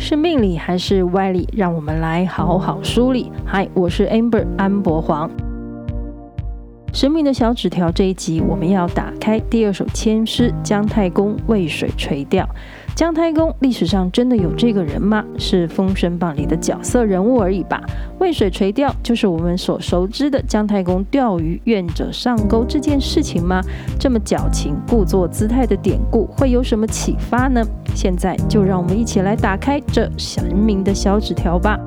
是命理還是歪理？讓我們來好好梳理。嗨，我是 Amber 安伯黃。《神明的小紙條》這一集，我們要打開第二首籤詩《姜太公渭水垂釣》。姜太公歷史上真的有這個人嗎？是《封神榜》裡的角色人物而已吧。渭水垂釣，就是我們所熟知的姜太公釣魚，願者上鈎這件事情嗎？這麼矯情、故作姿態的典故會有什麼啟發呢？現在就讓我們一起來打開這神明的小紙條吧。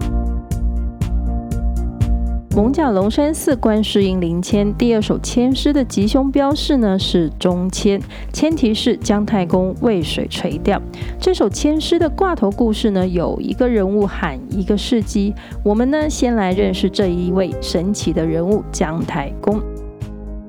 艋舺龍山寺觀世音靈籤第二首籤詩的吉凶標示呢，是中籤，籤題是姜太公渭水垂釣。這首籤詩的掛頭故事呢，有一個人物和一個事蹟，我們呢先來認識這一位神奇的人物，姜太公。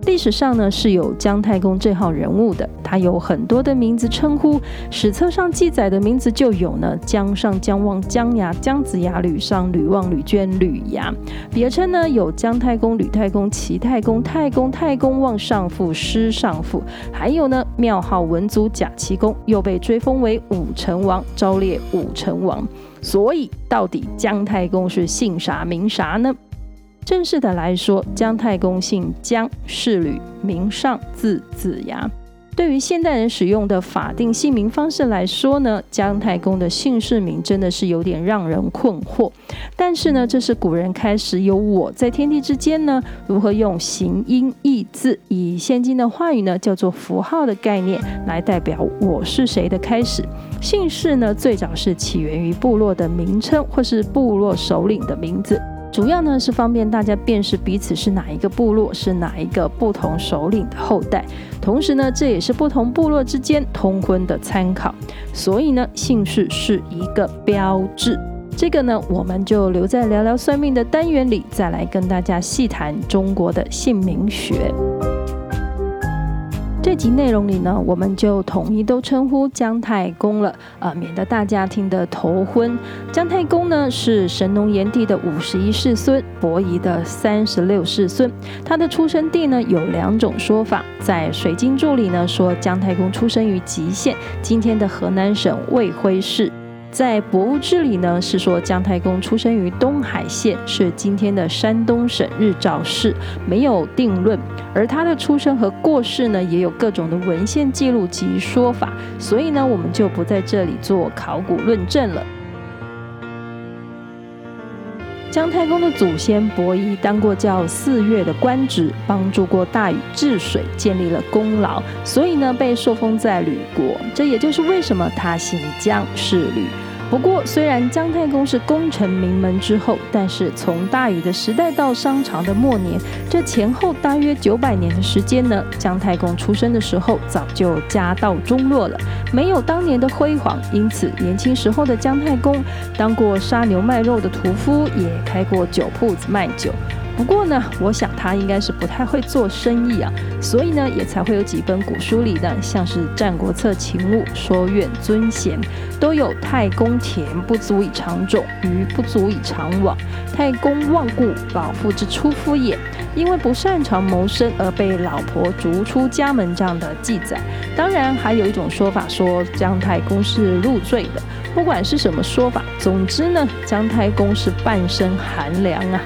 歷史上呢是有姜太公這號人物的，他有很多的名字稱呼，史冊上記載的名字就有呢姜尚、姜望、姜牙、姜子牙、呂尚、呂望、呂娟、呂牙。別稱呢有姜太公、呂太公、齊太公、太公、太公望、尚父、師尚父。還有呢廟號文祖甲齊公，又被追封為武成王、昭烈武成王。所以到底姜太公是姓啥名啥呢？正式的來說，姜太公姓姜，氏呂，名尚，字子牙。對於現代人使用的法定姓名方式來說呢，姜太公的姓氏名真的是有點讓人困惑。但是呢，這是古人開始有我在天地之間呢，如何用形音義字，以現今的話語呢，叫做符號的概念來代表我是誰的開始。姓氏呢，最早是起源於部落的名稱或是部落首領的名字。主要呢是，方便大家辨識彼此是哪一個部落，是哪一個不同首領的後代。同時呢，這也是不同部落之間通婚的參考。所以呢，姓氏是一個標誌。這個呢，我們就留在聊聊算命的單元裡，再來跟大家細談中國的姓名學。這集內容裡呢，我們就統一都稱呼姜太公了，呃，免得大家聽得頭昏。姜太公呢是神農炎帝的五十一世孫，伯夷的三十六世孫。他的出生地呢有兩種說法，在《水經注》裡呢說姜太公出生於汲縣，今天的河南省衛輝市。在《博物志》裡呢，是說姜太公出生於東海縣，是今天的山東省日照市，沒有定論。而他的出生和過世呢，也有各種的文獻記錄及說法，所以呢，我們就不在這裡做考古論證了。姜太公的祖先伯夷當過叫四嶽的官職，幫助過大禹治水，建立了功勞，所以呢被受封在呂國，這也就是為什麼他姓姜，氏呂。不過，雖然姜太公是功臣名門之後，但是從大禹的時代到商朝的末年，這前後大約九百年的時間呢，姜太公出生的時候早就家道中落了，沒有當年的輝煌。因此，年輕時候的姜太公當過殺牛賣肉的屠夫，也開過酒鋪子賣酒。不過呢，我想他應該是不太會做生意啊，所以呢，也才會有幾本古書裡呢，像是《戰國策·秦務》說：“苑尊賢，都有太公田不足以常種，魚不足以常網。太公望故，老婦之出夫也。因為不擅長謀生而被老婆逐出家門。”這樣的記載。當然，還有一種說法說姜太公是入贅的。不管是什麼說法，總之呢，姜太公是半生寒涼啊。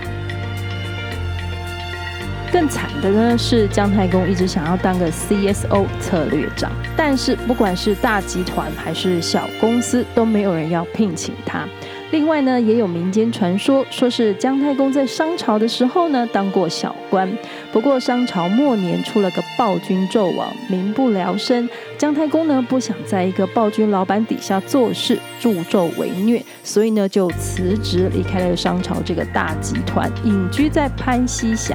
更慘的呢，是姜太公一直想要當個 CSO 策略長，但是不管是大集團還是小公司都沒有人要聘請他。另外呢，也有民間傳說，說是姜太公在商朝的時候呢當過小官。不過商朝末年出了個暴君紂王，民不聊生。姜太公呢，不想在一個暴君老闆底下做事，助紂為虐，所以呢就辭職離開了商朝這個大集團，隱居在潘溪峽。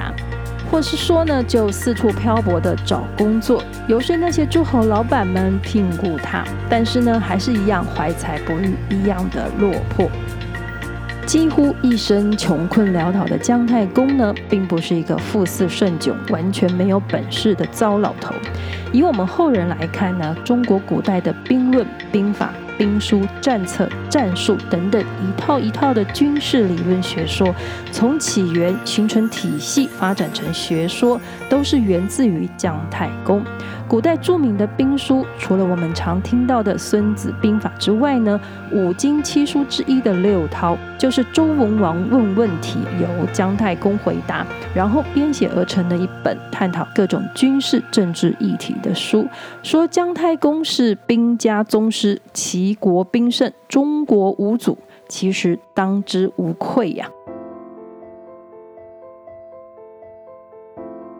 或是說呢，就四處漂泊地找工作，遊說那些諸侯老板們聘雇他，但是呢，還是一樣懷才不遇，一樣的落魄。幾乎一生窮困潦倒的姜太公呢，並不是一個富似順窘、完全沒有本事的糟老頭。以我們後人來看呢，中國古代的兵論兵法、兵書、戰策、戰術等等，一套一套的軍事理論學說，從起源形成體系，發展成學說，都是源自於姜太公。古代著名的兵書，除了我們常聽到的《孫子兵法》之外呢，《武經七書》之一的《六韜》，就是周文王問問題，由姜太公回答，然後編寫而成的一本探討各種軍事政治議題的書。說姜太公是兵家宗師，敵國兵勝，中國無阻，其實當之無愧呀、啊。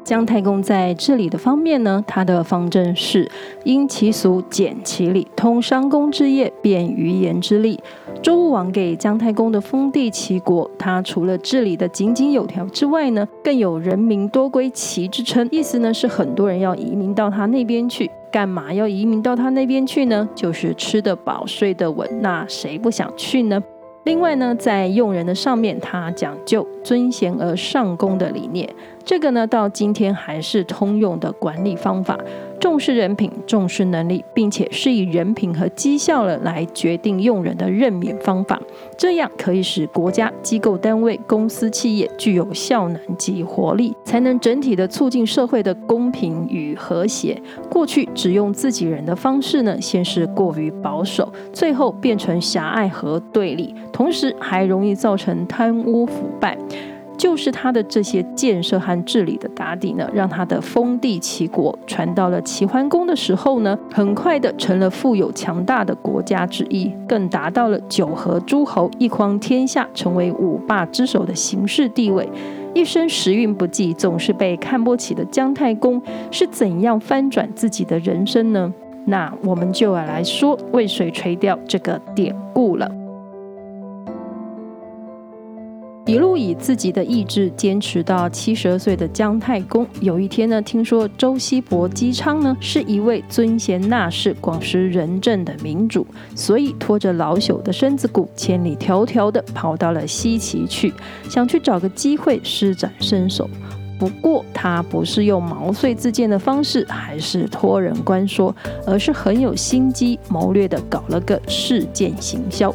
姜太公在治理的方面呢，他的方針是因其俗，簡其禮，通商工之業，便漁鹽之利。周武王給姜太公的封地齊國，他除了治理的井井有條之外呢，更有人民多歸齊之稱。意思呢是很多人要移民到他那邊去。幹嘛要移民到他那邊去呢？就是吃得飽，睡得穩。那誰不想去呢？另外呢，在用人的上面，他講究尊賢而上功的理念。這個呢，到今天還是通用的管理方法，重視人品，重視能力，並且是以人品和績效了來決定用人的任免方法。這樣可以使國家機構單位、公司企業具有效能及活力，才能整體的促進社會的公平與和諧。過去只用自己人的方式呢，先是過於保守，最後變成狹隘和對立，同時還容易造成貪污腐敗。就是他的這些建設和治理的打底呢，讓他的封地齊國傳到了齊桓公的時候呢，很快的成了富有強大的國家之一，更達到了九合諸侯、一匡天下，成為五霸之首的形式地位。一生時運不濟，總是被看不起的姜太公是怎樣翻轉自己的人生呢？那我們就要來說“渭水垂釣”這個典故了。一路以自己的意志堅持到七十二歲的姜太公，有一天呢，聽說周西伯姬昌呢是一位尊賢納士、廣施仁政的明主，所以拖着老朽的身子骨，千里迢迢的跑到了西岐去，想去找個機會施展身手。不過他不是用毛遂自薦的方式，還是托人關說，而是很有心機謀略的搞了個事件行銷。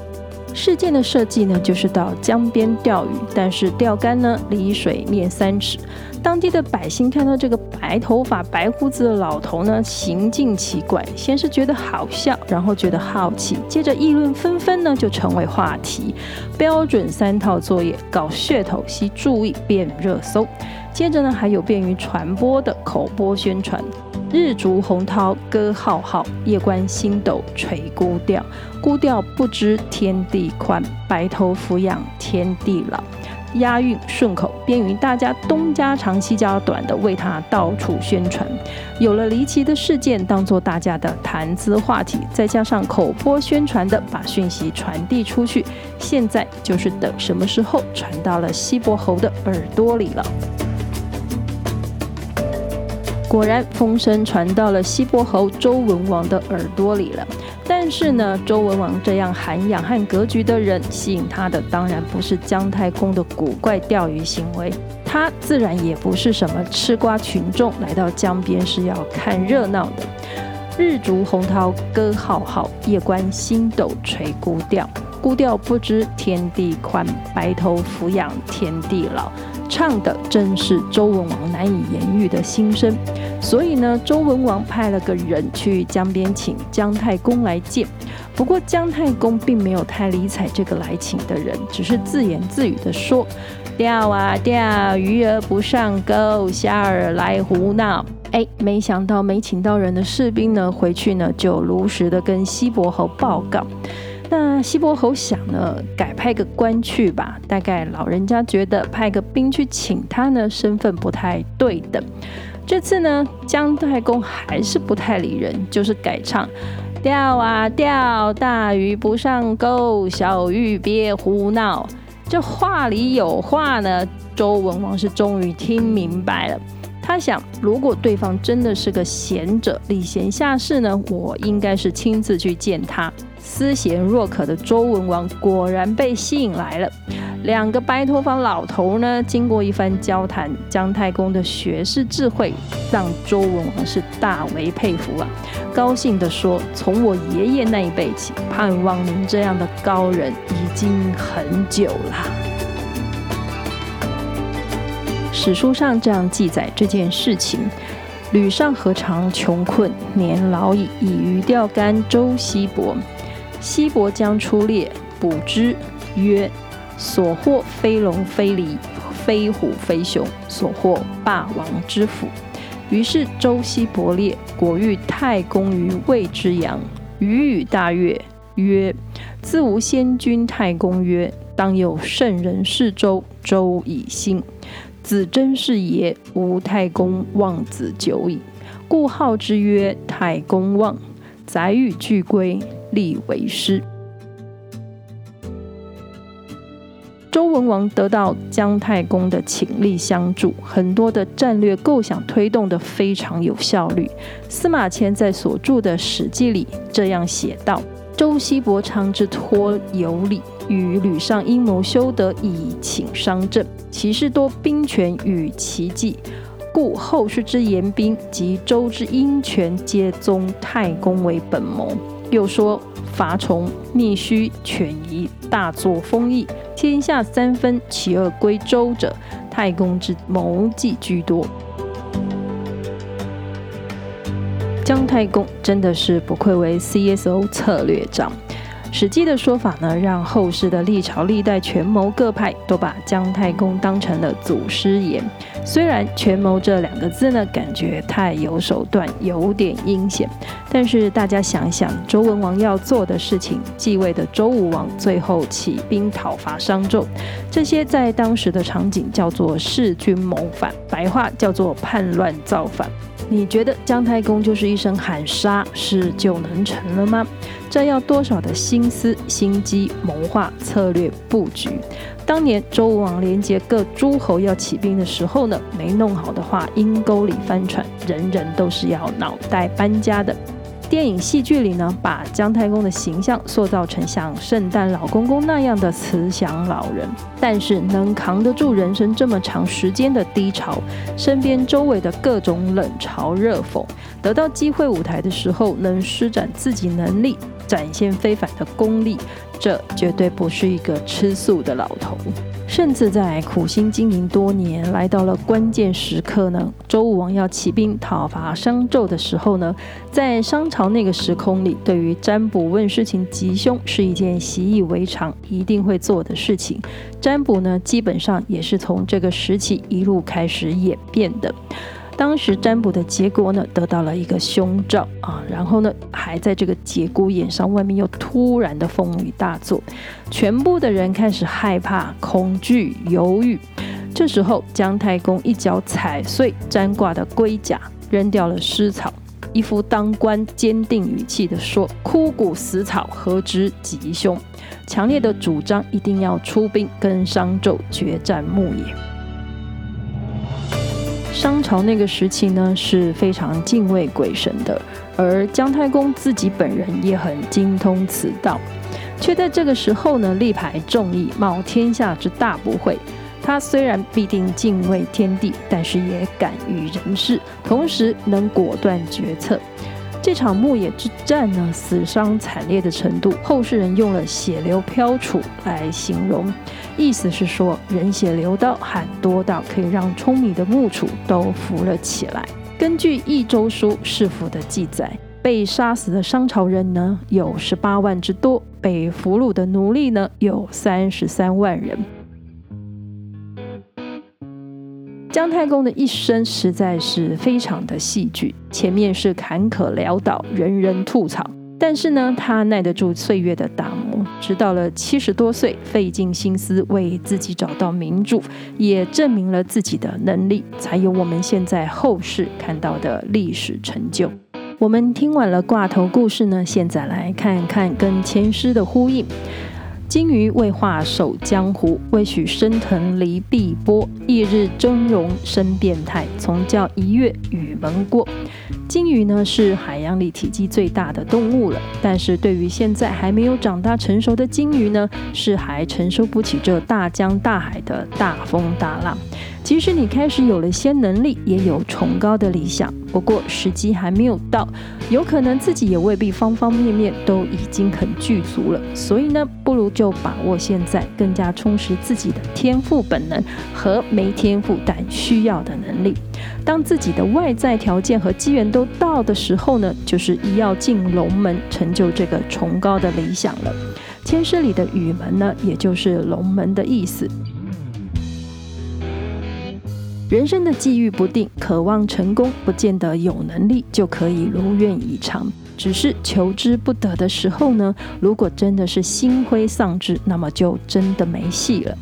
事件的設計呢，就是到江邊釣魚，但是釣竿呢離水面三尺。當地的百姓看到這個白頭髮、白鬍子的老頭呢，行徑奇怪，先是覺得好笑，然後覺得好奇，接着議論紛紛呢，就成為話題。標準三套作業，搞噱頭，吸注意，變熱搜。接着呢，還有便於傳播的口播宣傳。日逐洪濤歌浩浩，夜觀星斗垂孤釣。孤釣不知天地寬，白頭俯仰天地老。押韻順口，便於大家東家長西家短的為他到處宣傳。有了離奇的事件當做大家的談資話題，再加上口播宣傳的把訊息傳遞出去。現在就是等什麼時候傳到了西伯侯的耳朵裡了。果然，風聲傳到了西伯侯周文王的耳朵裡了。但是呢，周文王這樣涵養和格局的人，吸引他的當然不是姜太公的古怪釣魚行為。他自然也不是什麼吃瓜群眾，來到江邊是要看熱鬧的。日逐洪濤歌浩浩，夜觀星斗垂孤釣。孤釣不知天地寬，白頭俯仰天地老。唱的正是周文王難以言喻的心聲，所以呢，周文王派了個人去江邊請姜太公來見。不過姜太公並沒有太理睬這個來請的人，只是自言自語的說：“釣啊釣，魚兒不上鈎，蝦兒來胡鬧。”誒，沒想到沒請到人的士兵呢，回去呢就如實的跟西伯侯報告。那西伯侯想呢，改派個官去吧。大概老人家覺得派個兵去請他呢，身份不太對等。這次呢，姜太公還是不太理人，就是改唱：釣啊釣，大魚不上鈎，小魚別胡鬧。這話裡有話呢，周文王是終於聽明白了。他想，如果對方真的是個賢者，禮賢下士呢，我應該是親自去見他。思賢若渴的周文王果然被吸引來了。兩個白頭髮老頭呢，經過一番交談，姜太公的學識智慧讓周文王是大為佩服啊，高興地說：“從我爺爺那一輩起，盼望您這樣的高人已經很久了。”史書上這樣記載這件事情：呂尚何嘗窮困年老矣，以魚釣竿周西伯。西伯將出獵，捕之曰：“所獲非龍非狸、非虎非熊，所獲霸王之輔。”於是周西伯獵，果遇太公於渭之陽，禹禹大悅，曰：“自無先君太公。”曰：“當有聖人是周，周以興。”子真是也，吾太公望子久矣，故號之曰太公望。載譽俱歸，立為師。周文王得到姜太公的傾力相助，很多的戰略構想推動得非常有效率。司馬遷在所著的《史記》裡這樣寫道：“周西伯昌之脫羑裡。”與呂尚陰謀修德以請商政，其事多兵權與奇計，故後世之言兵及周之陰權，皆宗太公為本謀。又說伐崇、密須、犬夷，大作封邑，天下三分，其二歸周者，太公之謀計居多。姜太公真的是不愧為 CSO 策略長。實際的說法呢，讓後世的歷朝歷代權謀各派都把姜太公當成了祖師爺。雖然“權謀”這兩個字呢，感覺太有手段，有點陰險。但是大家想想，周文王要做的事情，繼位的周武王最後起兵討伐商紂，這些在當時的場景叫做弒君謀反，白話叫做叛亂造反。你覺得姜太公就是一聲喊殺，事就能成了嗎？這要多少的心思、心機、謀劃、策略、布局？當年周王連接各諸侯要起兵的時候呢，沒弄好的話，陰溝裡翻船，人人都是要腦袋搬家的。電影、戲劇裡呢，把姜太公的形象塑造成像聖誕老公公那樣的慈祥老人，但是能扛得住人生這麼長時間的低潮，身邊周圍的各種冷嘲熱諷，得到機會舞台的時候，能施展自己能力。展現非凡的功力，這絕對不是一個吃素的老頭。甚至在苦心經營多年，來到了關鍵時刻呢，周武王要起兵討伐商紂的時候呢，在商朝那個時空裡，對於占卜問事情吉凶是一件習以為常、一定會做的事情。占卜呢，基本上也是從這個時期一路開始演變的。當時占卜的結果呢，得到了一個凶兆啊，然後呢，還在這個節骨眼上，外面又突然的風雨大作，全部的人開始害怕、恐懼、猶豫。這時候，姜太公一腳踩碎占卦的龜甲，扔掉了蓍草，一副當官堅定語氣的說：“枯骨死草何知吉凶？”強烈的主張一定要出兵跟商紂決戰牧野。商朝那個時期呢，是非常敬畏鬼神的，而姜太公自己本人也很精通此道，卻在這個時候呢，力排眾議，冒天下之大不諱。他雖然必定敬畏天地，但是也敢於人事，同時能果斷決策。這場牧野之戰呢，死傷慘烈的程度，後世人用了“血流漂杵”來形容，意思是說人血流得很多到可以讓舂米的木杵都浮了起來。根據《逸周書·世俘》的記載，被殺死的商朝人呢有十八萬之多，被俘虜的奴隸呢有三十三萬人。姜太公的一生實在是非常的戲劇，前面是坎坷潦倒，倒，人人吐槽，但是呢，他耐得住歲月的打磨，直到了七十多歲，費盡心思為自己找到明主，也證明了自己的能力，才有我們現在後世看到的歷史成就。我們聽完了卦頭故事呢，現在來看看跟籤詩的呼應。鯨魚未化守江湖，未許升騰離碧波。異日崢嶸身變態，從教一躍禹門過。鯨魚呢，是海洋裡體積最大的動物了，但是對於現在還沒有長大成熟的鯨魚呢，是還承受不起這大江大海的大風大浪。即使你開始有了些能力，也有崇高的理想，不過，時機還沒有到，有可能自己也未必方方面面都已經很具足了。所以呢，不如就把握現在，更加充實自己的天賦本能和沒天賦但需要的能力。當自己的外在條件和機緣都到的時候呢，就是一要進龍門，成就這個崇高的理想了。籤詩裡的“禹門”呢，也就是龍門的意思。人生的際遇不定，渴望成功，不見得有能力就可以如願以償。只是求之不得的時候呢，如果真的是心灰喪志，那麼就真的沒戲了。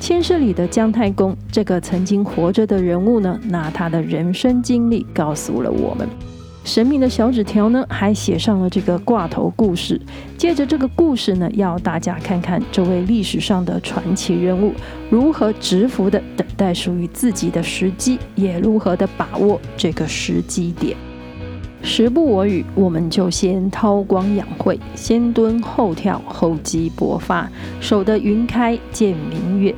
《籤詩裡的姜太公》這個曾經活着的人物呢，拿他的人生經歷告訴了我們。神明的小紙條呢，還寫上了這個掛頭故事。借着這個故事呢，要大家看看這位歷史上的傳奇人物如何執著的等待屬於自己的時機，也如何的把握這個時機點。時不我予，我們就先韜光養晦，先蹲後跳，厚積薄發，守得雲開見明月。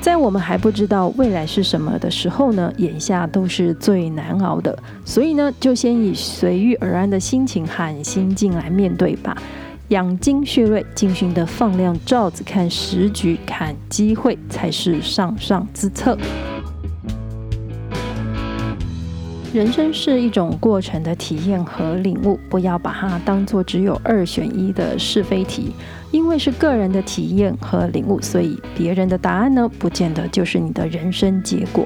在我們還不知道未來是什麼的時候呢，眼下都是最難熬的，所以呢，就先以隨遇而安的心情和心境來面對吧，養精蓄銳，盡興的放亮罩子看時局，看機會才是上上之策。人生是一種過程的體驗和領悟，不要把它當做只有二選一的是非題。因為是個人的體驗和領悟，所以別人的答案呢，不見得就是你的人生結果。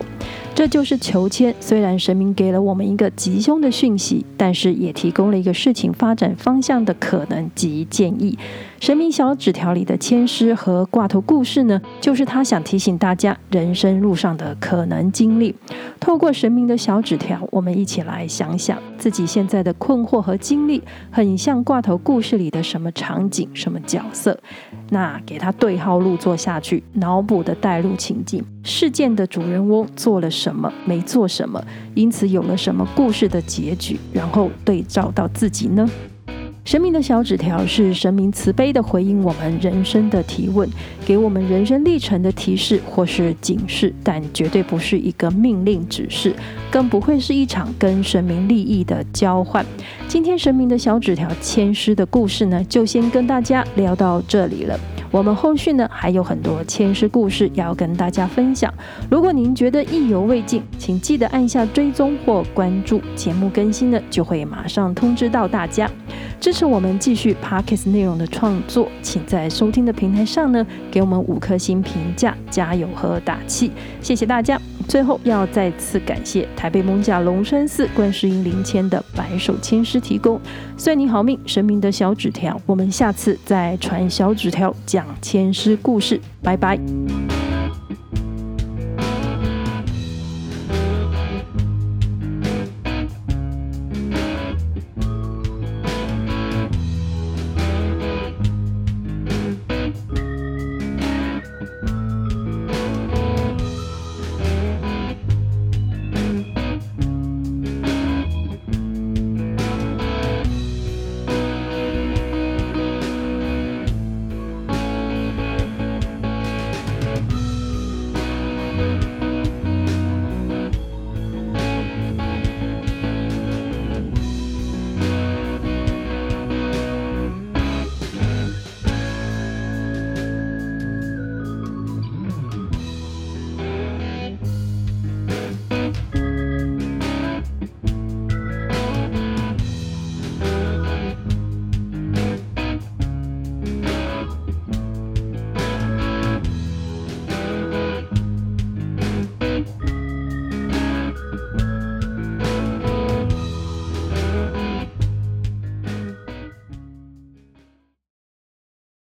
這就是求籤，雖然神明給了我們一個吉凶的訊息，但是也提供了一個事情發展方向的可能及建議。神明小紙條裡的籤詩和掛頭故事呢，就是他想提醒大家人生路上的可能經歷。透過神明的小紙條，我們一起來想想自己現在的困惑和經歷，很像掛頭故事裡的什麼場景、什麼角色？那給他對號入座下去，腦補的帶入情境，事件的主人翁做了什麼、沒做什麼，因此有了什麼故事的結局，然後對照到自己呢？神明的小紙條是神明慈悲地回應我們人生的提問，給我們人生歷程的提示或是警示，但絕對不是一個命令指示，更不會是一場跟神明利益的交換。今天神明的小紙條簽詩的故事呢，就先跟大家聊到這裡了。我們後續呢，還有很多籤詩故事要跟大家分享。如果您覺得意猶未盡，請記得按下追蹤或關注，節目更新呢，就會馬上通知到大家。支持我們繼續 Podcast 內容的創作，請在收聽的平台上呢給我們五顆星評價、加油和打氣，謝謝大家。最後要再次感謝台北艋舺龍山寺觀世音靈籤的百首籤詩提供。算你好命，神明的小紙條。我們下次再傳小紙條講籤詩故事，拜拜。